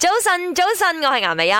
早晨，早晨，我係顏美人。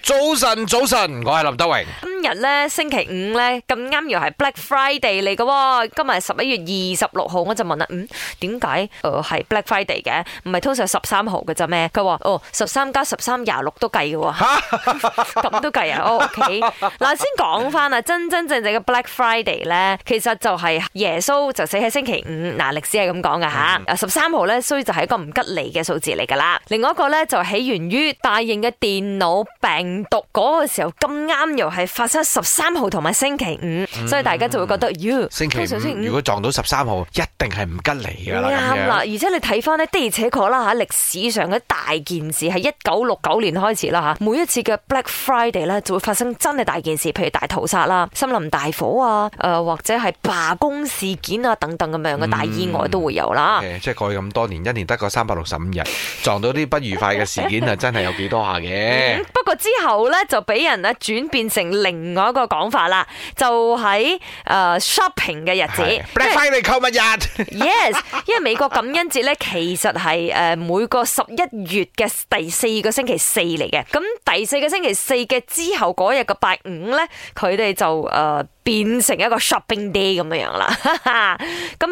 早晨，早晨，我係林德榮。今日咧星期五咧咁啱又係 Black Friday 嚟嘅，哦，今日係十一月二十六號，我就問啦，嗯，點解？誒、呃，係 Black Friday 嘅，唔係通常十三號嘅咋咩？佢話哦，十三加十三廿六都計嘅，咁都計啊？O K，嗱，oh, okay， 先講翻啊，真真正正嘅 Black Friday 咧，其實就係耶穌就死喺星期五，嗱、啊，歷史係咁講噶吓。十三號咧，所以就係一個唔吉利嘅數字嚟噶啦，另外一個咧就起源。於大型嘅電腦病毒嗰個時候咁啱，又係發生十三號同埋星期五、嗯嗯，所以大家就會覺得，咦？星期五、嗯、如果撞到十三號，一定係唔吉利噶啦。啱啦，而且你睇翻呢的而且確啦嚇，歷史上嘅大件事係一九六九年開始啦嚇，每一次嘅 Black Friday 咧就會發生真係大件事，譬如大屠殺啦、森林大火啊、誒、呃、或者係罷工事件啊等等咁樣嘅大意外都會有啦。即、嗯、係、嗯就是、過去咁多年，一年得個三百六十五日，撞到啲不愉快嘅事件。 真係有幾多下嘅，嗯，不過之後呢，就俾人咧轉變成另外一個講法啦，就喺誒、呃、shopping 嘅日子的，Black Friday 購物日 ，yes，因為美國感恩節呢，其實係誒、呃、每個十一月嘅第四個星期四嚟嘅，咁第四個星期四嘅之後嗰日嘅拜五呢，佢哋就誒、呃、變成一個 shopping day 咁樣樣啦。咁 啊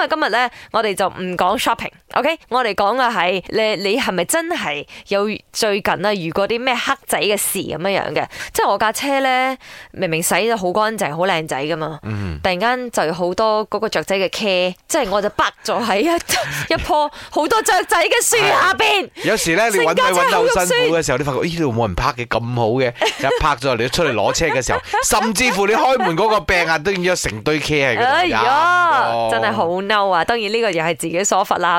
今日呢，我哋就唔講 shopping。O、okay, K，我哋講嘅係你你係咪真係有最近啊遇過啲咩黑仔嘅事咁樣樣嘅？即係我架車咧，明明洗得好乾淨、好靚仔㗎嘛，嗯、突然間就好多嗰個雀仔嘅 care 即 係我就泊咗喺一 一棵好多雀仔嘅樹下邊 有時咧你搵嘢搵到好辛苦嘅時候，你發覺咦都冇人泊嘅咁好嘅，就 泊咗，你出嚟攞車嘅時候，甚至乎你開門嗰個病啊，都要成堆 care 喺嗰度。呀 對吧， 真係好嬲啊！當然呢個又係自己所罰啦。